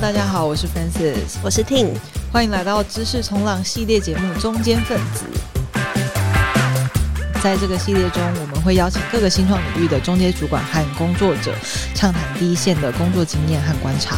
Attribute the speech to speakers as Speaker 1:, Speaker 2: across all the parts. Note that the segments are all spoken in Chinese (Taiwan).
Speaker 1: 大家好，我是 Francis，我是 Ting，歡迎來到知識衝浪系列節目《中堅份子》。在這個系列中，我們會邀請各個新創領域的中階主管和工作者，暢談第一線的工作經驗和觀察。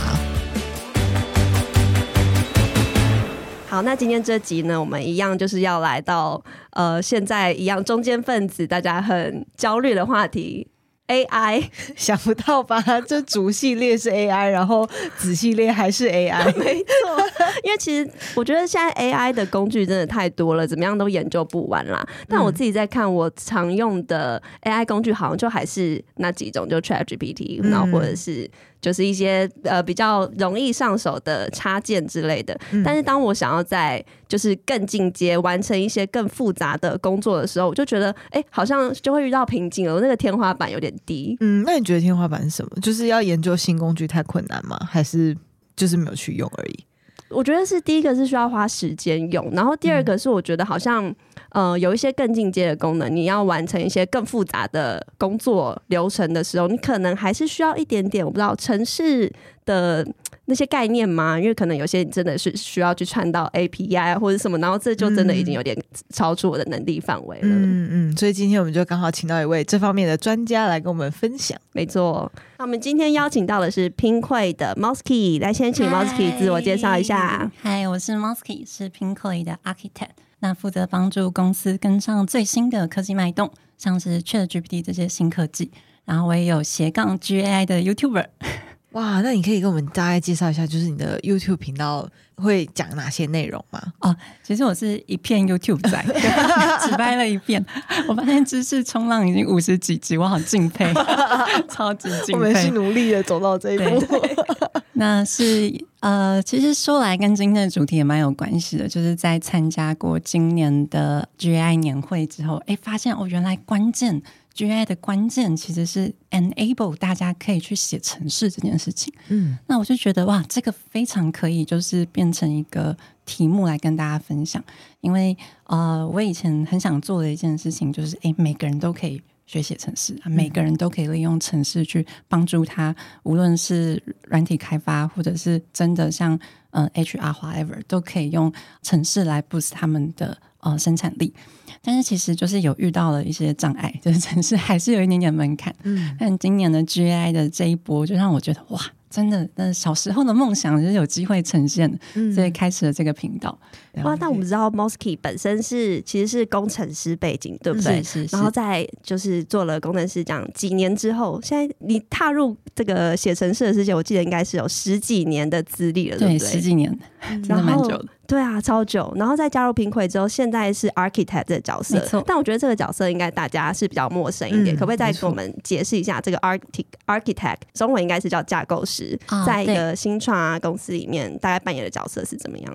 Speaker 1: 好，
Speaker 2: 那今天這集呢，我們一樣就是要來到呃，現在一樣中堅份子大家很焦慮的話題。AI， 想不到吧？這主系
Speaker 1: 列是 AI， 然後子系列還是 AI，
Speaker 2: 沒錯。因為其實我覺得現在 AI 的工具真的太多了，怎麼樣都研究不完啦。但我自己在看，我常用的 AI 工具好像就還是那幾種，就 ChatGPT， 然後或者是。就是一些呃比較容易上手的插件之類的，嗯、但是當我想要在就是更進階完成一些更複雜的工作的時候，我就覺得哎、欸，好像
Speaker 1: 就會遇到瓶頸
Speaker 2: 了，那個天花板有點低。嗯，
Speaker 1: 那你覺得天花板是什麼？就是要研究新工具太困難嗎？還是就是沒有去用而已？
Speaker 2: 我覺得是第一個是需要花時間用，然後第二個是我覺得好像呃有一些更進階的功能，你要完成一些更複雜的工作流程的時候，你可能還是需要一點點我不知道程式的那些概念嗎？因為可能有些你真的是需要去串到 API 或者什麼，然後這就真的已經有點超出我的能力範圍
Speaker 1: 了。嗯嗯，所以今天我
Speaker 2: 們就剛好請到一位這方面的專家來跟我們分享。沒錯，那我們今天邀請到的是 Pinkoi 的 Mosky，來先請 Mosky 自我介紹一下。
Speaker 3: 嗨，Hi, 我是 Mosky，是 Pinkoi 的 Architect，那負責幫助公司跟上最新的科技脈動，像是 ChatGPT 這些新科技。然後我也有斜槓 GAI 的 YouTuber。
Speaker 1: 哇，那你可以給我們大概介紹一下，就是你的 YouTube 頻道會講哪些內容嗎？哦，其實我是一片 YouTube 仔， 只拍了一遍，我發現知識
Speaker 3: 衝浪已經五十幾集，我好敬佩，
Speaker 1: 超級敬佩，我們是努力的走到這一步。
Speaker 4: 對對對，
Speaker 3: 那是呃，其實說來跟今天的主題也蠻有關係的，就是在參加過今年的 GI 年會之後，哎、欸，發現哦，原來關鍵。G I 的關鍵其實是 enable 大家可以去寫程式這件事情。嗯，那我就覺得哇，這個非常可以，就是變成一個題目來跟大家分享。因為呃，我以前很想做的一件事情就是，誒、欸，每個人都可以學寫程式啊，每個人都可以利用程式去幫助他，嗯、無論是軟體開發，或者是真的像嗯、呃、HR whatever 都可以用程式來 boost 他們的呃生產力。但是其實就是有遇到了一些障礙，就是程式還是有一點點門檻。嗯，但今年的 G A I 的這一波，就讓我覺得哇，真的，那小時候的夢想就是有機會呈現，嗯，所以開始了這個頻道。嗯、哇，那我們知道 Mosky 本身是其實是工程師背景，對不對？是，是。然後再
Speaker 2: 就是做了工程師這樣幾年之後，現在你踏入這個寫程式的世界，我記得應該是有十幾年的資歷了，對不對？對，十幾年，真的蠻久的。對啊，超久。然後再加入 Pinkoi 之後，現在是 Architect 的角色。但我覺得這個角色應該大家是比較陌生一點，嗯、可不可以再給我們解釋一下這個 Architect？Architect 中文應該是叫架構師，啊，在一個新創啊公司裡面，大概扮演的角色是怎麼樣？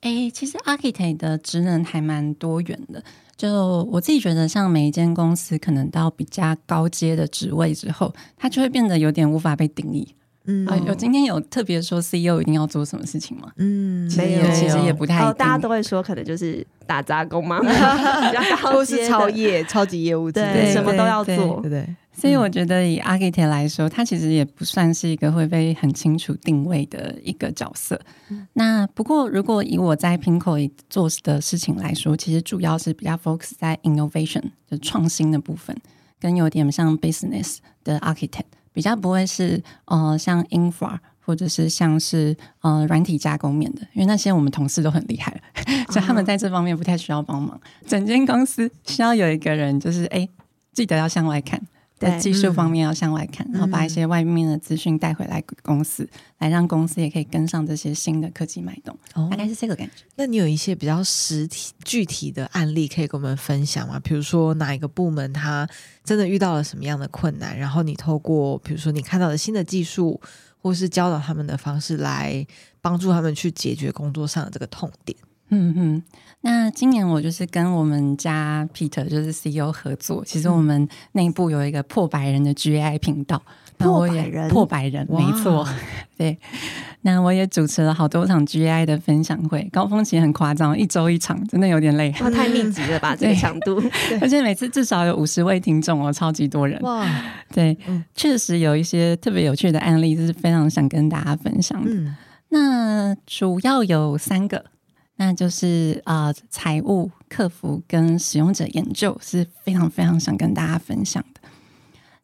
Speaker 3: 哎，其實 architect 的職能還蠻多元的。就我自己覺得，像每一間公司，可能到比較高階的職位之後，他就會變得有點無法被定義。
Speaker 4: 嗯，有、
Speaker 3: 啊、今天有特別說 CEO 一定要做什麼事情嗎？嗯，沒有，其實也不太、哦。
Speaker 2: 大家都會說，可能就是打雜工嘛。哈哈哈，都是超業，
Speaker 1: 超級業務，
Speaker 4: 對，對，什麼都要做，對對。對對
Speaker 3: 所以我覺得以 architect、嗯、來說，他其實也不算是一個會被很清楚定位的一個角色、嗯。那不過如果以我在 Pinkoi 做的事情來說，其實主要是比較 focus 在 innovation 就創新的部分，跟有點像 business 的 architect 比較不會是呃像 infra 或者是像是呃軟體架構面的，因為那些我們同事都很厲害所以、哦、 他們在這方面不太需要幫忙。整間公司需要有一個人，就是哎記得要向外看。嗯在技術方面要向外看、嗯，然後把一些外面的資訊帶回
Speaker 1: 來公司，嗯、來讓公司也可以跟上這些新的科技脈動、哦，大概是這個感覺。那你有一些比較實體具體的案例可以跟我們分享嗎？比如說哪一個部門他真的遇到了什麼樣的困難，然後你透過比如說你看到的新的技術，或是教導他們的方式來幫助他們去解決工作上的這個痛點。嗯嗯，那今年我就是跟我們家 Peter 就是 CEO 合作，
Speaker 3: 其實我們內部有一個破百人的 GI 頻道，嗯，那我也，破百人破百人，沒錯， 對。那我也主持了好多場 GI 的分享會，高峰期很誇張，一周一場，真的有點累， 他太密集了吧，這個強度。而且每次至少有五十位聽眾哦，超級多人哇。對，確、嗯、實有一些特別有趣的案例，就是非常想跟大家分享，嗯。那主要有三個。那就是呃，財務客服跟使用者研究是非常非常想跟大家分享的。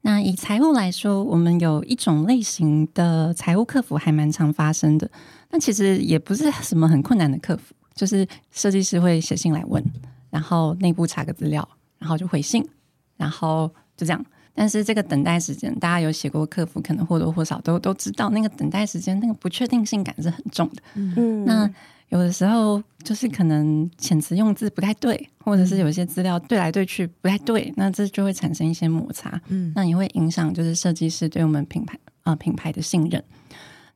Speaker 3: 那以財務來說，我們有一種類型的財務客服還蠻常發生的。但其實也不是什麼很困難的客服，就是設計師會寫信來問，然後內部查個資料，然後就回信，然後就這樣。但是這個等待時間，大家有寫過客服，可能或多或少都都知道，那個等待時間那個不確定性感是很重的。嗯，那。有的時候就是可能遣詞用字不太對，或者是有些資料對來對去不太對，那這就會產生一些摩擦。嗯，那也會影響就是設計師對我們品牌啊、呃、品牌的信任。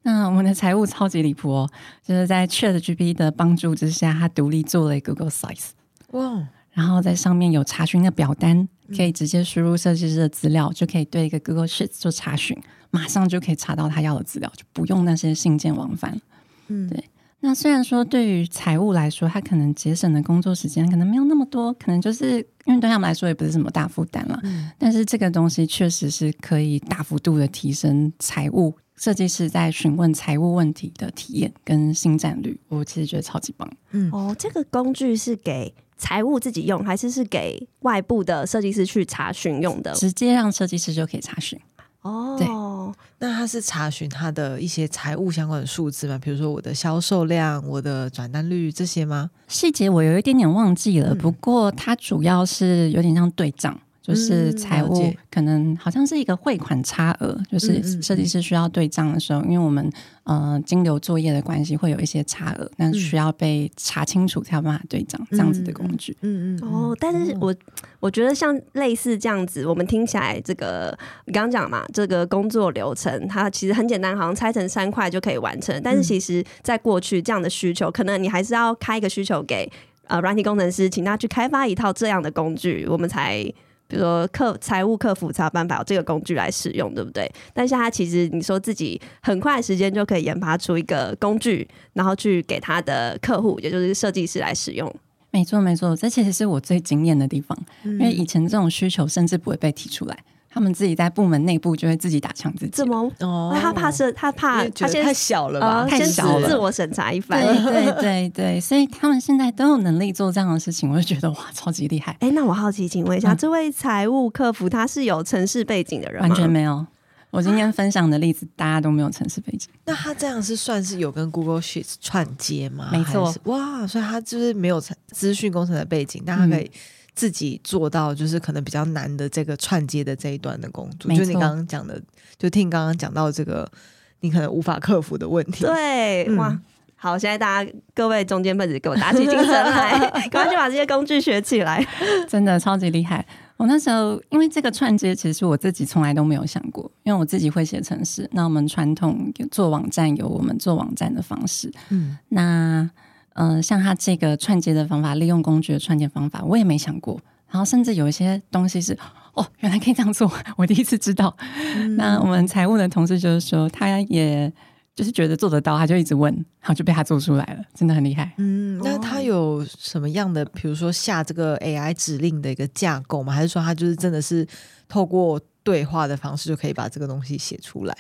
Speaker 3: 那我們的財務超級離譜哦，就是在 ChatGPT 的幫助之下，他獨立做了一個 Google Sites，哇！然後在上面有查詢的表單，可以直接輸入設計師的資料，就可以對一個 Google Sheets 做查詢，馬上就可以查到他要的資料，就不用那些信件往返。嗯，對。那雖然說對於財務來說，他可能節省的工作時間可能沒有那麼多，可能就是因為對他們來說也不是什麼大負擔嘛。但是這個東西確實是可以大幅度的提升財務、設計師在詢問財務問題的體驗跟新戰率。我其實覺得超級棒。嗯，
Speaker 2: 哦，這個工具是給財務自己用，還是是給外部的設計師去
Speaker 3: 查詢用的？直接讓設計師就可以查詢。
Speaker 1: 哦、oh，那它是查詢他的一些財務相關的數字嗎？比如說我的銷售量、我的轉單率這些嗎？
Speaker 3: 細節我有一點點忘記了，嗯、不過它主要是有點像對賬。就是財務、嗯、可能好像是一個匯款差額，就是設計師需要對賬的時候、嗯嗯，因為我們呃金流作業的關係會有一些差額，那、嗯、需要被查清楚才有辦法對賬、嗯、這樣子的工具。嗯
Speaker 2: 嗯,嗯,嗯哦，但是我我覺得像類似這樣子，我們聽起來這個你剛剛講嘛，這個工作流程它其實很簡單，好像拆成三塊就可以完成。但是其實在過去這樣的需求，嗯、可能你還是要開一個需求給呃軟體工程師，請他去開發一套這樣的工具，我們才。比如說客財務客服才有辦法有這個工具來使用，對不對？但是他其實你說自己很快時間就可以研發出一個工具，然後去給他的客戶，也就是
Speaker 3: 設計師來使用。沒錯，沒錯，這其實是我最驚艷的地方，嗯，因為以前這種需求甚至不會被提出來。他們自己在部門內部就會自己打槍自己，怎麼？
Speaker 2: 哦，他怕是他怕他太小了吧，呃，太小了，自我審查一番，對，對對對，
Speaker 3: 所以他們現在都有能力做這樣的事情，我就覺得哇，超級厲害。哎，欸，那我好奇，請問一下，嗯、這位財務客服他是有程式背景的人嗎？完全沒有，我今天分享的例子，啊，大家都沒有程式背景。
Speaker 1: 那他這樣是算是有跟 Google Sheets 串接嗎？沒錯，哇，所以他就是沒有資訊工程的背景，嗯，但他可以。自己做到就是可能比較難的這個串接的這一段的工作，就是你剛剛講的，就聽你剛剛講到這個你可能無法克服的問題。對，嗯、哇，
Speaker 2: 好，現在大家各位中堅份子給我打起
Speaker 4: 精神來，
Speaker 3: 趕 快去把這些工具學起來， 真的超級厲害。我那時候因為這個串接，其實我自己從來都沒有想過，因為我自己會寫程式，那我們傳統做網站有我們做網站的方式，嗯，那。嗯、呃，像他這個串接的方法，利用工具的串接方法，我也沒想過。然後，甚至有一些東西是哦，原來可以這樣做，我第一次知道、嗯。那我們財務的同事就是說，他也就是覺得做得到，他就一直問，然後就被他做出來了，真的很厲害。嗯，
Speaker 1: 那他有什麼樣的，比如說下這個 AI 指令的一個架構嗎？還是說他就是真的是透過對話的方式就可以把這個東西寫出來？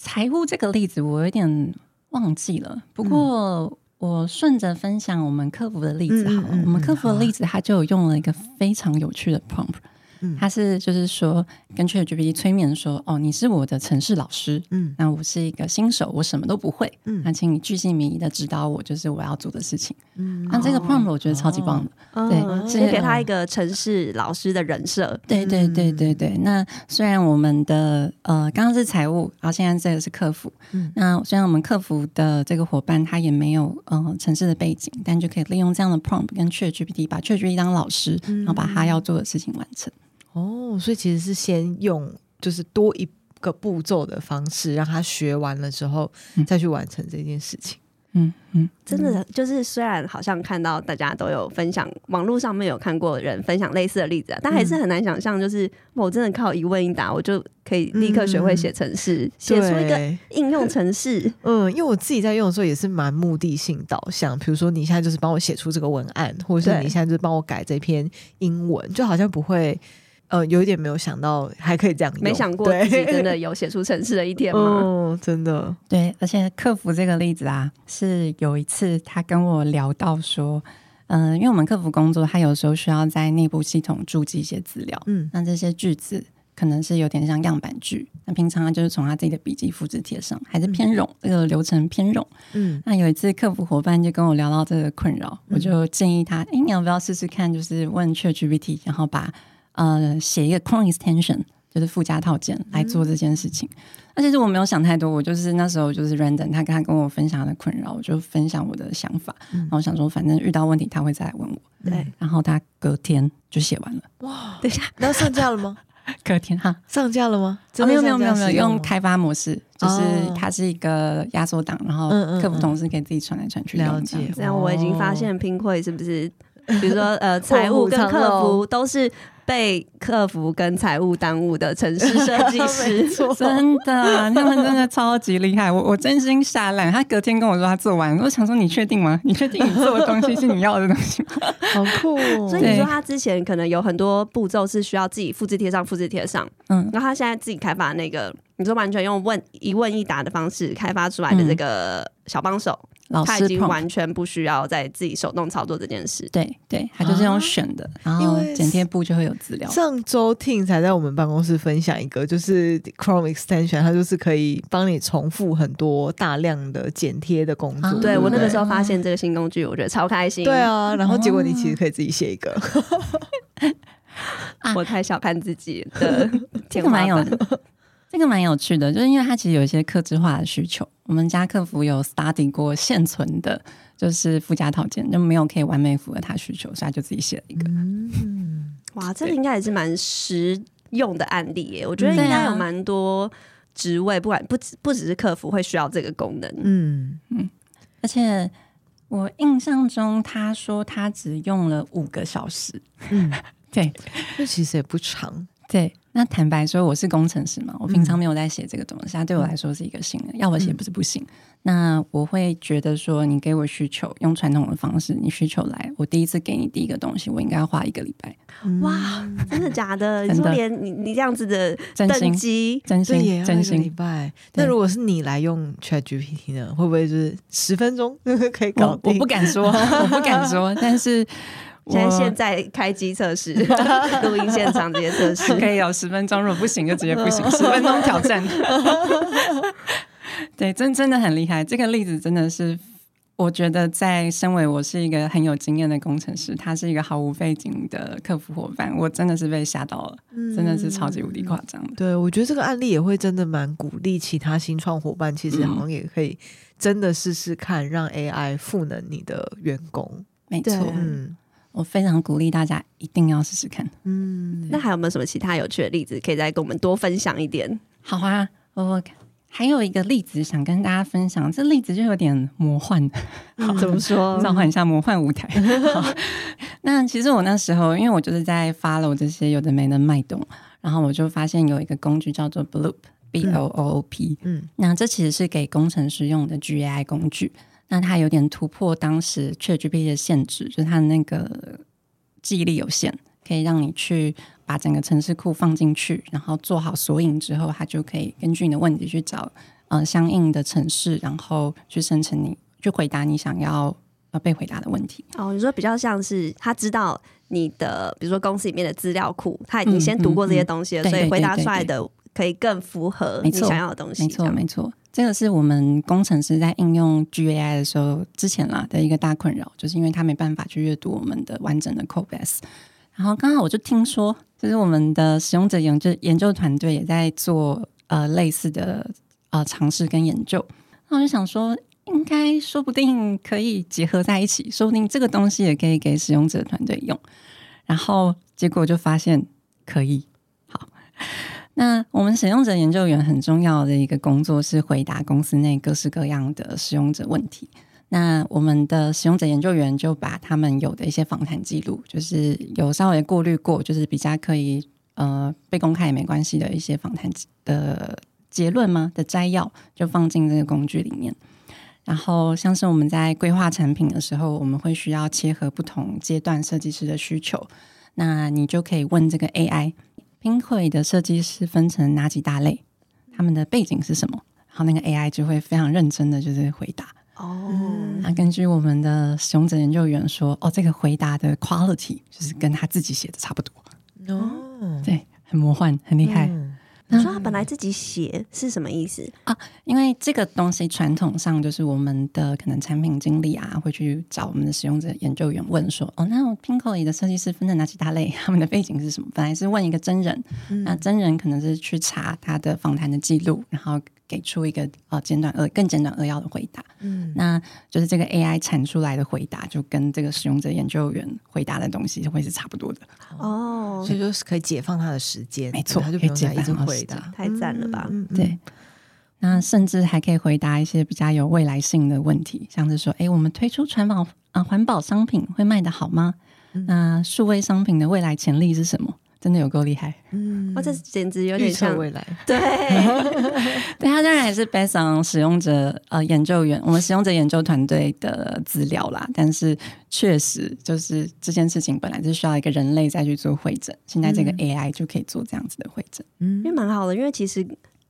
Speaker 1: 財務
Speaker 3: 這個例子我有點忘記了，不過。嗯我順着分享我們客服的例子好了，嗯嗯嗯，我們客服的例子，他就有用了一個非常有趣的 prompt。嗯嗯他是就是說跟 ChatGPT 催眠說：“哦，你是我的程式老師，嗯，那我是一個新手，我什麼都不會，嗯，那、啊、請你鉅細靡遺地指導我，就是我要做的事情。”嗯，那這個 prompt、哦、我覺得超級棒的，
Speaker 2: 哦、對，直接、哦、給他一個程式老師的人設、嗯。
Speaker 3: 對對對對對。那雖然我們的呃剛剛是財務，然後現在這個是客服、嗯，那雖然我們客服的這個夥伴他也沒有嗯、呃、程式的背景，但就可以利用這樣的 prompt 跟 ChatGPT 把 ChatGPT 當老師、嗯，然後把他要做的事情完成。
Speaker 1: 哦，所以其實是先用就是多一個步驟的方式，讓他學完了之後再去完成這件事情。嗯嗯、嗯，真的
Speaker 2: 就是雖然好像看到大家都有分享，網絡上面有看過的人分享類似的例子啊，但還是很難想象，就是我、嗯哦、真的靠一問一答，我就可以立刻學會寫程式，寫、嗯、出
Speaker 1: 一個應用程式。嗯，因為我自己在用的時候也是蠻目的性導向，比如說你現在就是幫我寫出這個文案，或者是你現在就是幫我改這篇英文，就好像不會。呃，有一點沒有想到還可以這樣用，沒想過自己真的
Speaker 2: 有寫出程式的一天嗎 、
Speaker 1: 嗯？真
Speaker 3: 的，對。而且客服這個例子啊，是有一次他跟我聊到說，嗯、呃，因為我們客服工作，他有時候需要在內部系統注記一些資料，嗯，那這些句子可能是有點像樣板句，那平常就是從他自己的筆記複制貼上，還是偏冗、嗯，這個流程偏冗，嗯。那有一次客服伙伴就跟我聊到這個困擾、嗯，我就建議他，哎、欸，你要不要試試看，就是問 ChatGPT，然後把。呃，寫一個 Chrome extension，就是附加套件來做這件事情。那其實我沒有想太多，我就是那時候就是 Random，他跟他跟我分享他的困擾，我就分享我的想法。嗯、然後我想說，反正遇到問題他會再來問我。對、嗯。然後他隔天就寫完了
Speaker 1: 對。哇！等一下，你要上架
Speaker 3: 了嗎？ 隔天哈，上架了嗎？啊、沒有沒有沒有沒有，用開發模式，哦、就是它是一個壓縮檔，然後客服同事可以自己傳來傳去。了解。這樣我已經發
Speaker 2: 現 Pinkoi、哦、是不是？比如說呃，財務跟客服都是。被客服跟財務耽誤的程式設計師， 真的、啊，他們真的
Speaker 3: 超級厲害。我我真心嚇爛，他隔天跟我說他做完，我想說，你確定嗎？你確定你做的東西是你要的東西嗎？ 好
Speaker 2: 酷、喔！所以你說他之前可能有很多步驟是需要自己複製貼上，上，複製貼上，嗯，然後他現在自己開發那個，你說完全用問一問一答的方式開發出來的這個小幫手。它已經完全不需要再自己手動操作這件事，
Speaker 3: 這件事。對
Speaker 1: 對，他就是用選的、啊，然後剪貼
Speaker 3: 簿就會有資料。
Speaker 2: 上
Speaker 1: 週 Ting 才在我們辦公室分享一個，就是 Chrome Extension，它就是可以幫你重複很多大量的剪貼的工作。啊、對，對，對我那個時候發現
Speaker 2: 這個新工具，我覺得超開心。對啊，然後結果你其實
Speaker 1: 可以自己寫一個。
Speaker 2: 啊、 我太小看自己了的天馬
Speaker 3: 的。 這個蠻有趣的，就是因為他其實有一些客製化的需求。我們家客服有 study 過現存的，就是附加套件，就沒有可以完美符合他需求，所以他就自己寫了一個。
Speaker 2: 嗯， 哇，這個應該也是蠻實用的案例耶。我覺得應該有蠻多職位，不管不只不只是客服會需要這個功能。嗯
Speaker 3: 嗯，而且我印象中他說他只用了五個小時。
Speaker 4: 嗯、
Speaker 3: 對，其實也不長。 對。那坦白說，我是工程師嘛，我平常沒有在寫這個東西、嗯，它對我來說是一個新的、嗯。要我寫不是不行、嗯。那我會覺得說，你給我需求，用傳統的方式，你需求來，我第一次給你第一個東西，我應該要花一個禮拜、嗯。
Speaker 2: 哇，真
Speaker 3: 的假的？真的
Speaker 2: 你說連你你這樣子的
Speaker 1: 登機，真心真心禮拜真心。那如果是你來用 ChatGPT 呢，會不會就是十分鐘可以搞定？我，我，不 我不敢說，我不敢說，但是。現在，現
Speaker 2: 在開機測試，錄 音現場直接測試，可
Speaker 3: 以有十分鐘，如果不行就直接不行。十分鐘挑戰， 對，真真的很厲害。這個例子真的是，我覺得在身為我是一個很有經驗的工程師，他是一個毫無背景的客服夥伴，我真的是被嚇到了，
Speaker 1: 真的是超級無敵誇張的、嗯。對，我覺得這個案例也會真的蠻鼓勵其他新創夥伴，其實好像也可以真的試試看，讓 AI 賦能你的員工。嗯、沒錯，嗯。
Speaker 3: 我非常鼓勵大家一定要試試看。嗯，
Speaker 1: 那還有沒有什麼其
Speaker 2: 他有趣的例子可以再跟我們多分享一點？
Speaker 3: 好啊，我還有一個例子想跟大家分享，這例子就有點魔幻。嗯、好，怎麼說？召喚一下魔幻舞台。 好，那其實我那時候，因為我就是在 follow 這些有的沒的脈動，然後我就發現有一個工具叫做 Bloop，b l o o p。嗯，那這其實是給工程師用的 G I 工具。那它有點突破當時 ChatGPT 的限制，就是它那個記憶力有限，可以讓你去把整個程式庫放進去，然後做好索引之後，它就可以根據你的問題去找呃相應的程式，然後去生成你去回答你想要呃被回答的問題。
Speaker 2: 哦，你說比較像是他知道你的，比如說公司裡面的資料庫，他已經先讀過這些東西了、嗯嗯嗯對對對對對，所以回答出來的可以更符合你想要的東西。沒錯，
Speaker 3: 沒錯。沒這個是我們工程師在應用 GAI 的時候，之前啦的一個大困擾，就是因為他沒辦法去閱讀我們的完整的 codebase。然後剛好我就聽說，就是我們的使用者研究研究團隊也在做呃類似的呃嘗試跟研究，那我就想說，應該說不定可以結合在一起，說不定這個東西也可以給使用者團隊用。然後結果就發現可以。好。那我們使用者研究員很重要的一個工作是回答公司內各式各樣的使用者問題。那我們的使用者研究員就把他們有的一些訪談記錄，就是有稍微過濾過，就是比較可以呃被公開也沒關係的一些訪談的結論嗎，的摘要就放進這個工具裡面。然後像是我們在規劃產品的時候，我們會需要切合不同階段設計師的需求。那你就可以問這個 AI。音會的設計師分成哪幾大類？他們的背景是什麼？然後那個 AI 就會非常認真的就是回答哦。那根據我們的使用者研究員說，哦，這個回答的 quality 就是跟他自己寫的差不多
Speaker 4: 哦。
Speaker 3: 對，很魔幻，很厲害。嗯
Speaker 2: 你、嗯、說他本來自己寫是什麼意思、嗯、啊？
Speaker 3: 因為這個東西傳統上就是我們的可能產品經理啊會去找我們的使用者研究員問說：“哦，那我 Pinkoi 裡的設計師分在哪幾大類？他們的背景是什麼？”本來是問一個真人，嗯、那真人可能是去查他的訪談的記錄，然後。給出一個、呃、簡短而更簡短扼要的回答，
Speaker 4: 嗯，那
Speaker 3: 就是這個 AI 產出來的回答，就跟這個使用者研究員回答的東西會是差不多的
Speaker 4: 哦，所以，所以
Speaker 3: 就是可以解放他的時間，沒錯，他就一直可以解放他的回答，
Speaker 2: 太讚了吧嗯嗯嗯。對，
Speaker 3: 那甚至還可以回答一些比較有未來性的問題，像是說，哎、欸，我們推出環保啊環保商品會賣得好嗎？嗯、那數位商品的未來潛力是什麼？真的有夠厲害，
Speaker 2: 嗯，我、哦、這簡直有點像未來，對，
Speaker 3: 對他當然也是 based on 使用者呃研究員，我們使用者研究團隊的資料啦，但是確實就是這件事情本來是需要一個人類再去做匯整、嗯，現在這個 AI 就可以做這樣子的匯整，
Speaker 2: 嗯，因為蠻好的，因為其實。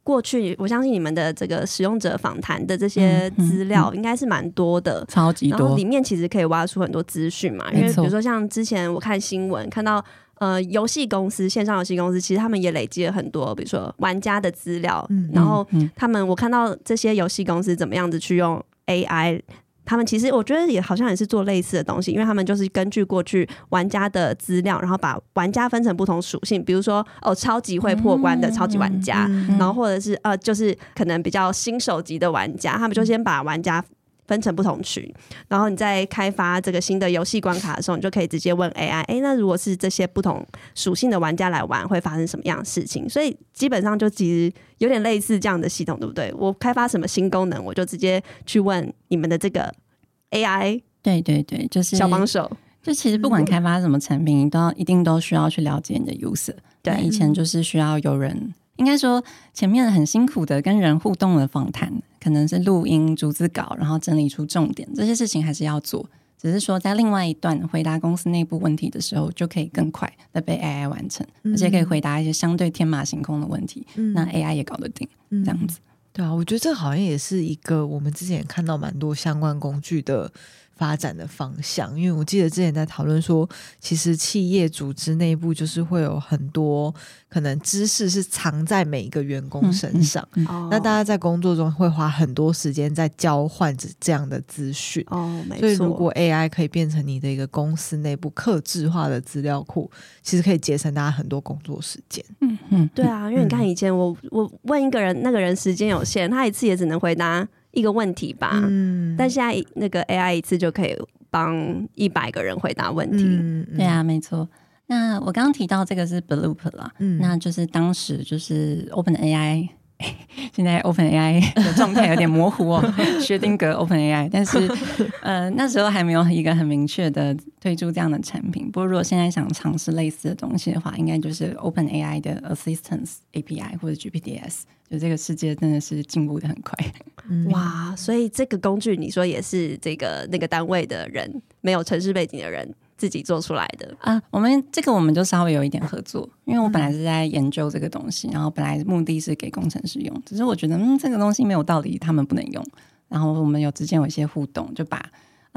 Speaker 2: 過去，我相信你們的這個使用者訪談的這些資料應該是蠻多的，嗯嗯嗯嗯，超級多。然後裡面其實可以挖出很多資訊嘛，因為比如說像之前我看新聞看到，呃，遊戲公司、線上遊戲公司其實他們也累積了很多，比如說玩家的資料，嗯嗯嗯。然後他們，我看到這些遊戲公司怎麼樣子去用 AI。他們其實，我覺得也好像也是做類似的東西，因為他們就是根據過去玩家的資料，然後把玩家分成不同屬性，比如說哦，超級會破關的嗯嗯嗯嗯超級玩家，然後或者是呃，就是可能比較新手級的玩家，他們就先把玩家。分成不同群，然後你在開發這個新的遊戲關卡的時候，你就可以直接問 AI，誒、欸，那如果是這些不同屬性的玩家來玩，會發生什麼樣的事情？所以基本上就其實有點類似這樣的系統，對不對？我開發什麼新功能，我就直接去問你們的這個 AI。
Speaker 3: 對對對，就是小幫手。就其實不管開發什麼產品，你都要一定都需要去了解你的 user。對，以前就是需要有人。應該說，前面很辛苦的跟人互動的訪談，可能是錄音、逐字稿，然後整理出重點，這些事情還是要做。只是說，在另外一段回答公司內部問題的時候，就可以更快的被 AI 完成，嗯，而且可以回答一些
Speaker 1: 相對天馬行空的問題。嗯，那 AI 也搞得定，嗯，這樣子。對啊，我覺得這好像也是一個我們之前看到蠻多相關工具的發展的方向，因為我記得之前在討論說，其實企業組織內部就是會有很多可能知識是藏在每一個員工身上。嗯嗯嗯、那大家在工作中會花很多時間在交換這這樣的資訊。哦，沒錯。所以如果 AI 可以變成你的一個公司內部客製化的資料庫，其實可以節省大家很多工作時間。嗯
Speaker 2: 嗯，對啊，因為你看以前我我問一個人，那個人時間有限，他一次也只能回答。一個問題吧，嗯，但現在那個 AI 一次就可以幫一百個
Speaker 3: 人回答問題，嗯嗯、對啊，沒錯。那我剛剛提到這個是 Bloop 了、嗯，那就是當時就是 OpenAI。現在 OpenAI 的狀態有點模糊哦， 薛丁格 OpenAI，但是呃那時候還沒有一個很明確的推出這樣的產品。不過如果現在想嘗試類似的東西的話，應該就是 OpenAI 的 Assistance API 或者 GPTs。就這個世界真的是進步得很快，嗯。哇，
Speaker 2: 所以這個工具你說也是這個那個單位的人沒有程式背景的人。自己做出來的
Speaker 3: 啊，我們這個我們就稍微有一點合作，因為我本來是在研究這個東西，然後本來目的是給工程師用，只是我覺得嗯，這個東西沒有道理，他們不能用，然後我們有之間有一些互動，就把。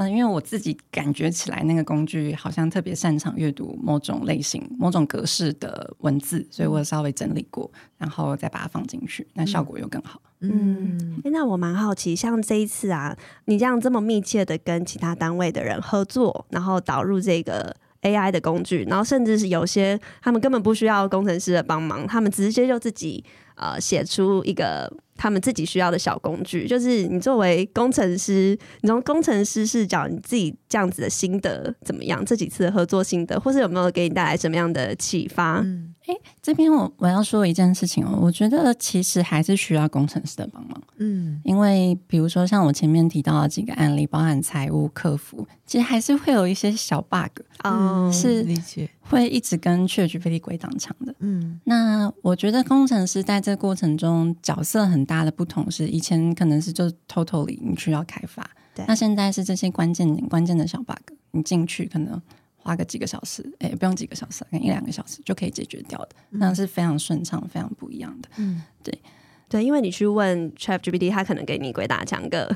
Speaker 3: 嗯、啊，因為我自己感覺起來，那個工具好像特別擅長閱讀某種類型、某種格式的文字，所以我稍微整理過，然後再把它放進去，那效果又更
Speaker 4: 好。
Speaker 2: 嗯，嗯，欸，那我蠻好奇，像這一次啊，你這樣這麼密切的跟其他單位的人合作，然後導入這個 AI 的工具，然後甚至是有些他們根本不需要工程師的幫忙，他們直接就自己。呃，寫出一個他們自己需要的小工具，就是你作為工程師，你從工程師視角，你自己這樣子的心得怎麼樣？這幾次的合作心得，或是有沒有給你帶來什麼樣的啟發？嗯
Speaker 3: 哎、欸，這邊我我要說一件事情哦，我覺得其實還是需要工程師的幫忙。嗯，因為比如說像我前面提到的幾個案例，包含財務、客服，其實還是會有一些小 bug，哦、嗯，是理解會一直跟 ChatGPT 鬼打牆的。嗯，那我覺得工程師在這過程中角色很大的不同是，以前可能是就 totally 你需要開發，對，那現在是這些關鍵關鍵的小 bug，你進去可能。花個幾個小時，哎、欸，不用幾個小時，啊，可能一兩個小時就可以解決掉的，嗯、那是非常順暢、非常不一樣的。嗯，對，
Speaker 2: 對，因為你去問 ChatGPT，他可能給你鬼打牆個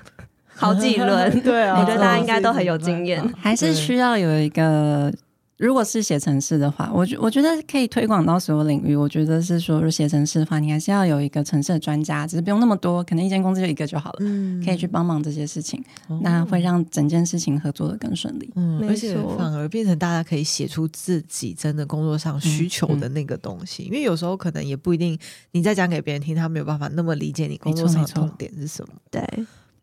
Speaker 3: 好幾輪、 啊欸。對我覺得大家應該都很有經驗、哦啊，還是需要有一個。如果是寫程式的話，我我覺得可以推廣到所有領域。我覺得是說，如果寫程式的話，你還是要有一個程式的專家，只是不用那麼多，可能一間公司就一個就好了、嗯，可以去幫忙這些事情，哦、那會讓整件事情合作得更順利。嗯，而且反
Speaker 1: 而變成大家可以寫出自己真的工作上需求的那個東西、嗯嗯，因為有時候可能也不一定，你再講給別人聽，他沒有辦法那麼理解你工作上的痛點是什麼。對，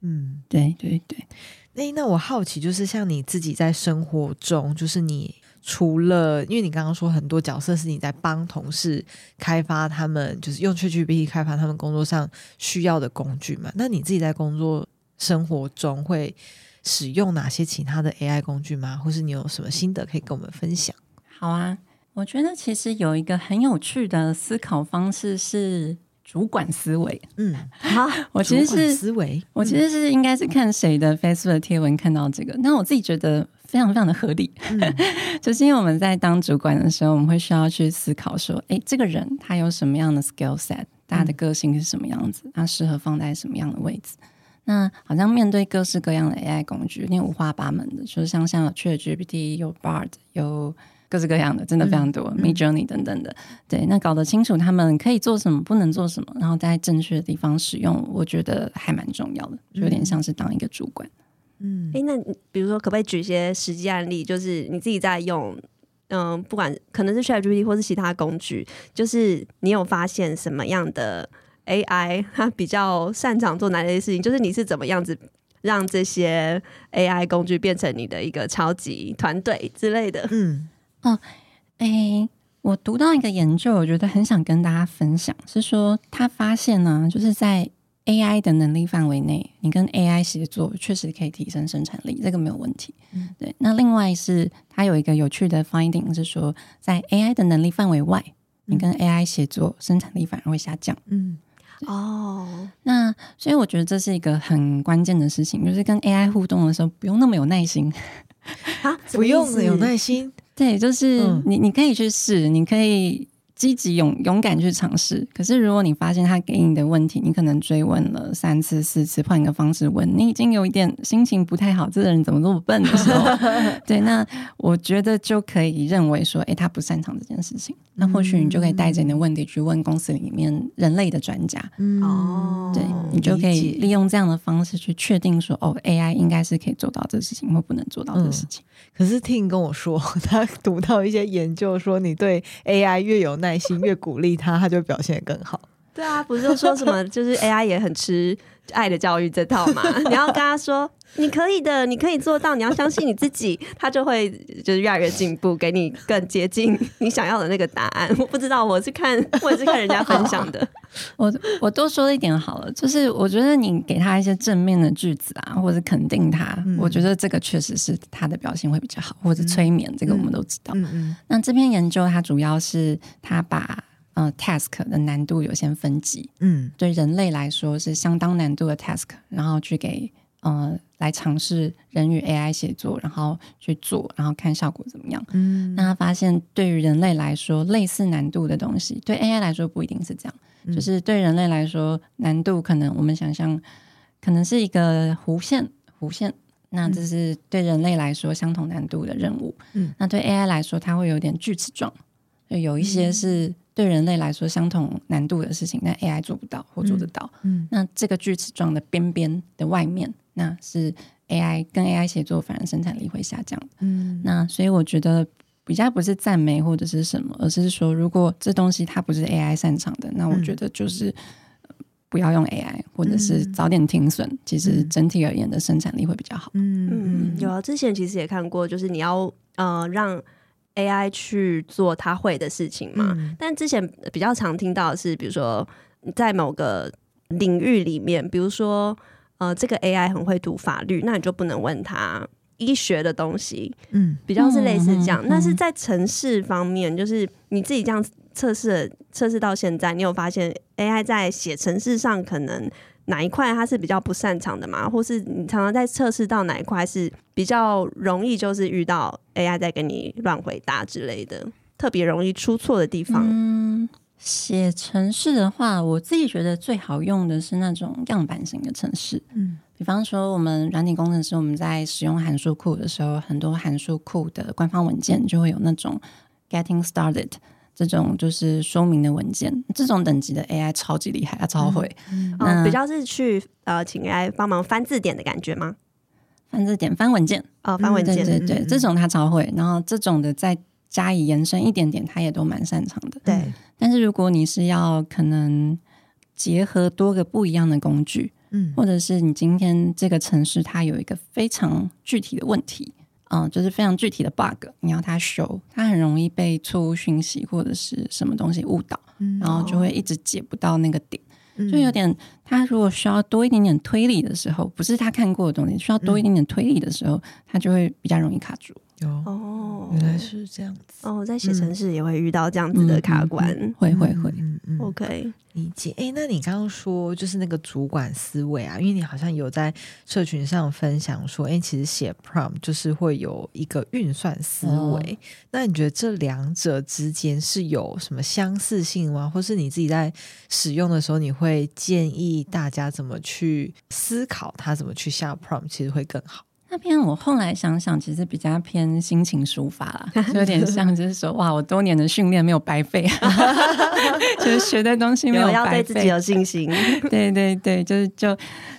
Speaker 1: 嗯，對對對。那那我好奇就是，像你自己在生活中，就是你。除了，因為你剛剛說很多角色是你在幫同事開發他們，就是用 ChatGPT 開發他們工作上需要的工具嘛？那你自己在工作生活中會使用哪些其他的 AI 工具嗎？或是你有什麼心得可以跟我們分享？
Speaker 3: 好啊，我覺得其實有一個很有趣的思考方式是主管思維。
Speaker 4: 嗯，好， 我其實是思
Speaker 3: 維，我其實是應該是看誰的 Facebook 貼文看到這個，嗯，那我自己覺得。非常非常的合理，嗯、 就是因為我們在當主管的時候，我們會需要去思考說，誒、欸，這個人他有什麼樣的 skill set，大家的個性是什麼樣子，他適合放在什麼樣的位置。嗯、那好像面對各式各樣的 AI 工具，那五花八門的，就是像像有 ChatGPT，有 Bard，有各式各樣的，真的非常多、嗯、Midjourney 等等的、嗯。對，那搞得清楚他們可以做什麼，不能做什麼，然後在正確的地方使用，我覺得還蠻重要的，就有點像是當一個主管。嗯
Speaker 2: 嗯，哎，那比如說，可不可以舉一些實際案例？就是你自己在用，嗯、呃，不管可能是 ChatGPT 或是其他工具，就是你有發現什麼樣的 AI 它比較擅長做哪些事情？就是你是怎麼樣子讓這些 AI 工具變成你的一個超級團
Speaker 3: 隊之類的？嗯，哦，哎、欸，我讀到一個研究，我覺得很想跟大家分享，是說他發現呢，就是在。AI 的能力範圍內，你跟 AI 協作確實可以提升生產力，這個沒有問題。嗯、對，那另外是它有一個有趣的 finding，就是說在 AI 的能力範圍外、嗯，你跟 AI 協作生產力反而會下降。
Speaker 4: 嗯，哦，
Speaker 3: 那所以我覺得這是一個很關鍵的事情，就是跟 AI 互動的時候不用那麼有耐心啊，不用有耐心。 對，就是、嗯、你，你可以去試，你可以。積極勇勇敢去嘗試。可是如果你發現他給你的問題，你可能追問了三次、四次，換一個方式問，你已經有一點心情不太好。這個人怎麼這麼笨的時候， 對，那我覺得就可以認為說，哎、欸，他不擅長這件事情。那或許你就可以帶着你的問題去問公司裡面人類的專家。
Speaker 2: 哦、嗯，對，你就可以利
Speaker 3: 用這樣的方式去確定說，哦，AI 應該是可以做到這個事情，或不能做到這個事情。
Speaker 1: 嗯、可是 Tim 跟我說，他讀到一些研究說，你對 AI 越有耐耐心，越鼓勵他，他就表現得更好。
Speaker 2: 對啊，不是說什麼就是 AI 也很吃愛的教育這套嘛？你要跟他說，你可以的，你可以做到，你要相信你自己，他就會就是越來越進步，給你更接近你想要的那個答案。我不知道我是看，我也是看人家分享的。
Speaker 3: 我我多說了一點好了，就是我覺得你給他一些正面的句子啊，或者肯定他，嗯、我覺得這個確實是他的表現會比較好，或者催眠、嗯、這個我們都知道。嗯，那這篇研究它主要是他把。嗯、呃、，task 的難度有些分級，嗯，對人類來說是相當難度的 task，然後去給呃來嘗試人與 AI 協作，然後去做，然後看效果怎麼樣。嗯，那他發現對於人類來說類似難度的東西，對 AI 來說不一定是這樣，嗯、就是對人類來說難度可能我們想象可能是一個弧線，弧線，那這是對人類來說相同難度的任務，嗯，那對 AI 來說它會有點鋸齒狀，就有一些是。嗯對人類來說相同難度的事情，那 AI 做不到或做得到。嗯嗯、那這個鋸齒狀的邊邊的外面，那是 AI 跟 AI 協作，反而生產力會下降。嗯，那所以我覺得比較不是讚美或者是什麼，而是說如果這東西它不是 AI 擅長的，那我覺得就是不要用 AI，、嗯、或者是早點停損、嗯。其實整體而言的生產力會比較好。嗯
Speaker 2: 嗯，有啊，之前其實也看過，就是你要呃讓，AI 去做他會的事情嘛，嗯、但之前比較常聽到的是，比如說在某個領域裡面，比如說呃，這個 AI 很會讀法律，那你就不能問他醫學的東西。嗯，比較是類似這樣。嗯嗯嗯、但是在程式方面，就是你自己這樣測試測試到現在，你有發現 AI 在寫程式上可能，哪一塊它是比較不擅長的嘛，或是你常常在測試到哪一塊是比較容易，就是遇到 AI 在給你亂回答之類的，特別容易
Speaker 3: 出錯的地方。嗯，寫程式的話，我自己覺得最好用的是那種樣板型的程式。嗯，比方說我們軟體工程師，我們在使用函數庫的時候，很多函數庫的官方文件就會有那種 Getting Started。這種就是說明的文件，這種等級的 AI 超級厲害，它超會。嗯、嗯哦，比
Speaker 2: 較是去呃，請 AI 幫忙翻字典的感覺嗎？
Speaker 3: 翻字典、翻文件哦，翻文件，對對對，這種它超會。然後這種的再加以延伸一點點，它也都蠻擅長的。對、嗯。但是如果你是要可能結合多個不一樣的工具，嗯，或者是你今天這個程式它有一個非常具體的問題。嗯，就是非常具體的 bug，你要他修，他很容易被錯誤訊息或者是什麼東西誤導，嗯、然後就會一直解不到那個點，哦、就有點他如果需要多一點點推理的時候，不是他看過的東西，需要多一點點推理的時候，嗯、他就會比較容易卡住。
Speaker 4: 哦，原來是這樣
Speaker 1: 子。哦，在寫程式、嗯、也會遇到這樣子的
Speaker 3: 卡關，嗯嗯嗯、會會會。嗯
Speaker 2: 嗯，
Speaker 1: 嗯，OK，我可以理解。哎、欸，那你剛剛說就是那個主管思維啊，因為你好像有在社群上分享說，哎、欸，其實寫 prompt 就是會有一個運算思維、哦。那你覺得這兩者之間是有什麼相似性嗎？或是你自己在使用的時候，你會建議大家怎麼去思考它，怎麼去下 prompt，其實會更好？
Speaker 3: 那篇我後來想想，其實比較偏心情抒發了，就有點像，就是說，哇，我多年的訓練沒有白費， 就是學的東西沒有白費，有要對自己有信心。 對對對，就是就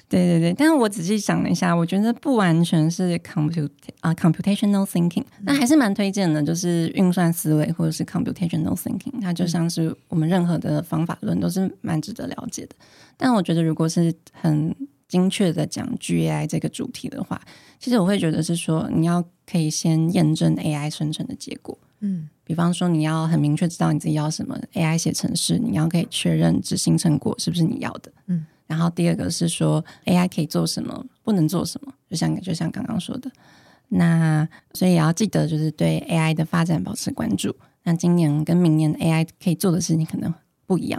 Speaker 3: 對對對。但是我仔細想了一下，我覺得不完全是 computer 啊 computational thinking，那還是蠻推薦的，就是運算思維或者是 computational thinking，它就像是我們任何的方法論都是蠻值得了解的。但我覺得如果是很精確的講，G A I 這個主題的話，其實我會覺得是說，你要可以先驗證 A I 生成的結果，嗯，比方說你要很明確知道你自己要什麼，A I 寫程式，你要可以確認執行成果是不是你要的，嗯。然後第二個是說，A I 可以做什麼，不能做什麼，就像就像剛剛說的，那所以也要記得，就是對 A I 的發展保持關注。那今年跟明年 A I 可以做的事情可能不一樣。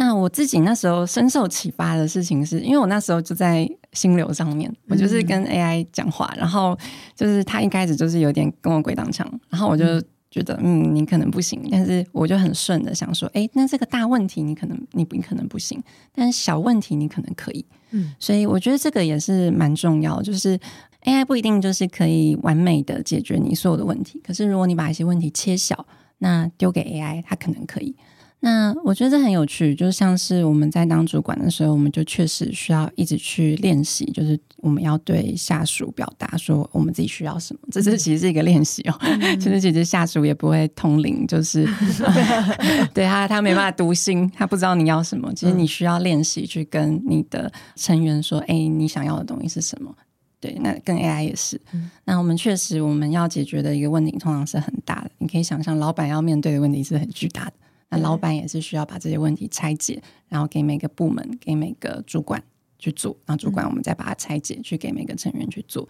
Speaker 3: 那我自己那時候深受啟發的事情是，因為我那時候就在心流上面，我就是跟 AI 講話、嗯，然後就是他一開始就是有點跟我鬼打牆，然後我就覺得嗯，嗯，你可能不行，但是我就很順的想說，哎、欸，那這個大問題你可能你你可能不行，但是小問題你可能可以，嗯，所以我覺得這個也是蠻重要的，就是 AI 不一定就是可以完美的解決你所有的問題，可是如果你把一些問題切小，那丟給 AI，它可能可以。那我覺得這很有趣，就像是我們在當主管的時候，我們就確實需要一直去練習，就是我們要對下屬表達說我們自己需要什麼。這是其實是一個練習哦、嗯，其實其實下屬也不會通靈，就是 對他他沒辦法讀心、嗯，他不知道你要什麼。其實你需要練習去跟你的成員說，哎、嗯，你想要的東西是什麼？對，那跟 AI 也是。嗯、那我們確實我們要解決的一個問題通常是很大的，你可以想象老闆要面對的問題是很巨大的。那老闆也是需要把這些問題拆解，嗯，然後給每個部門、給每個主管去做，嗯，然後主管我們再把它拆解，去給每個成員去做。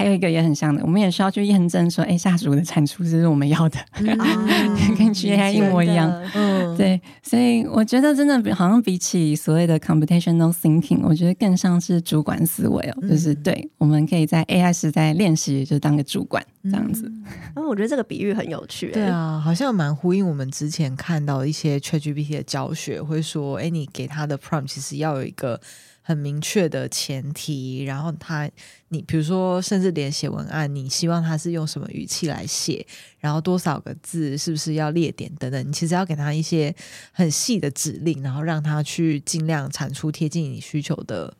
Speaker 3: 還有一個也很像的，我們也需要去驗證說，哎、欸，下屬的產出這是我們要的，嗯、 跟 GAI 一模一樣的。嗯，對，所以我覺得真的好像比起所謂的 computational thinking，我覺得更像是主管思維哦、喔嗯，就是對我們可以在 AI 時代練習，就當個主管這樣子、
Speaker 1: 嗯哦。我覺得這個比喻很有趣、欸，對啊，好像蠻呼應我們之前看到一些 ChatGPT 的教學，會說，哎、欸，你給他的 prompt 其實要有一個。很明確的前提，然後他，你比如說，甚至連寫文案，你希望他是用什麼語氣來寫，然後多少個字，是不是要列點等等，你其實要給他一些很細的指令，然後讓他去盡量產出貼近你需求的